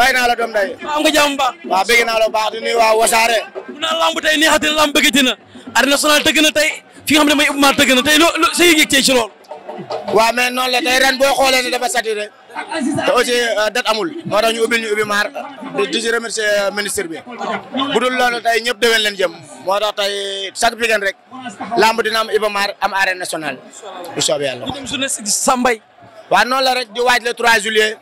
fay naa la doom day am nga waa wasaare mu naa lamb tey neexati na lamb bëggati na arène nationale tëgg na tey fi nga xam ne may ubbi maa tëgg na tey loo loo sa yëg-yëg tey ci loolu waaw mais la tey ren boo xoolee ne dafa saturé te aussi euh, date amul moo tax ñu ubbil maar di ci remercier euh, ministre bi bu dul loolu tey ñëpp leen jëm moo tax tey chaque weekend rek lamb dina am Iba Mar am arène nationale Sambay waaw noonu la rek di waaj le 3 juillet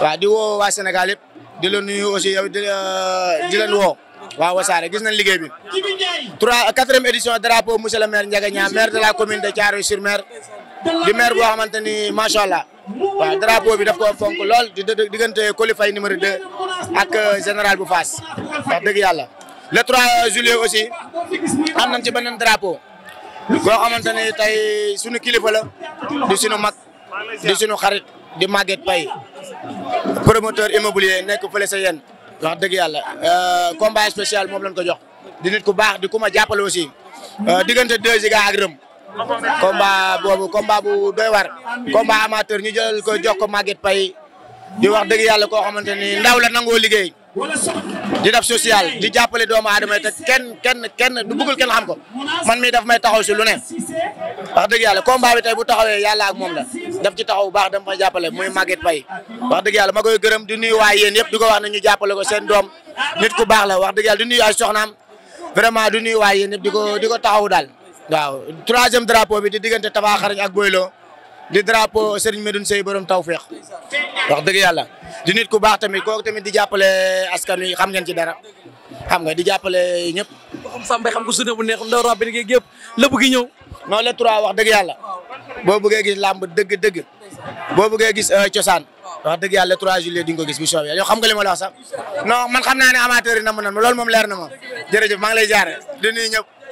waaw di woo waa Sénégal yëpp di la nuyu aussi di euh, di leen woo waaw wasaare gis na liggéey bi trois quatrième édition drapeau monsieur le maire Ndiaga Niang maire de la commune de Thiaroye-sur-Mer di maire boo xamante ni macha allah waa drapeau bi daf ko fonk lool di diggante Coly Faye numéro 2 ak euh, général bu Fass wax dëgg yàlla le 3 juillet aussi am nañ ci beneen drapeau boo xamante ni tey suñu kilifa la di suñu mag di suñu xarit di Maguette Paye promoteur immobilier nekk fële sa yéen wax dëgg yàlla euh, combat spécial moom lañ ko jox di nit ku baax di ku ma jàppale aussi euh, diggante deux Giga ak Reum combat boobu combat bu doy war combat amateur ñu jël ko jox ko Maguette Paye di wax dëgg yàlla koo xamante ni ndaw la nangoo liggéey di def social di jàppale doomu aadama te kenn kenn kenn du bëggul kenn xam ko man mii daf may taxaw si lu ne wax dëgg yàlla combat bi tey bu taxawee yàlla ak moom la daf ci taxaw baax dama may jàppale muy Maguette Faye wax dëgg yàlla ma koy gërëm di nuyu waay yéen yëpp di ko wax ne ñu jàppale ko seen doom nit ku baax la wax dëgg yàlla di nuyu ay soxnaam vraiment di nuyu waay di ko di ko taxaw daal waaw troisième drapeau bi di diggante Tafa Xarañ ak Boylo di drapeau Serigne Medoune Seye borom tawfeex wax dëgg yàlla di nit ku baax tamit kooku tamit di jàppale askan wi xam ngeen ci dara xam nga di jàppale ñëpp. xam Samba xam ko suñu bu neex ndaw rabbi gi yëpp lépp gi ñëw. non le trois wax dëgg yàlla boo bëggee gis làmb dëgg-dëgg boo bëggee gis euh, cosaan wax dëgg yàlla le 3 juillet di ko gis bu soobee yow xam nga li ma la wax sax non man xam naa ne amateur yi na mu nan loolu moom leer na ma jërëjëf maa ngi lay jaare di nuyu ñëpp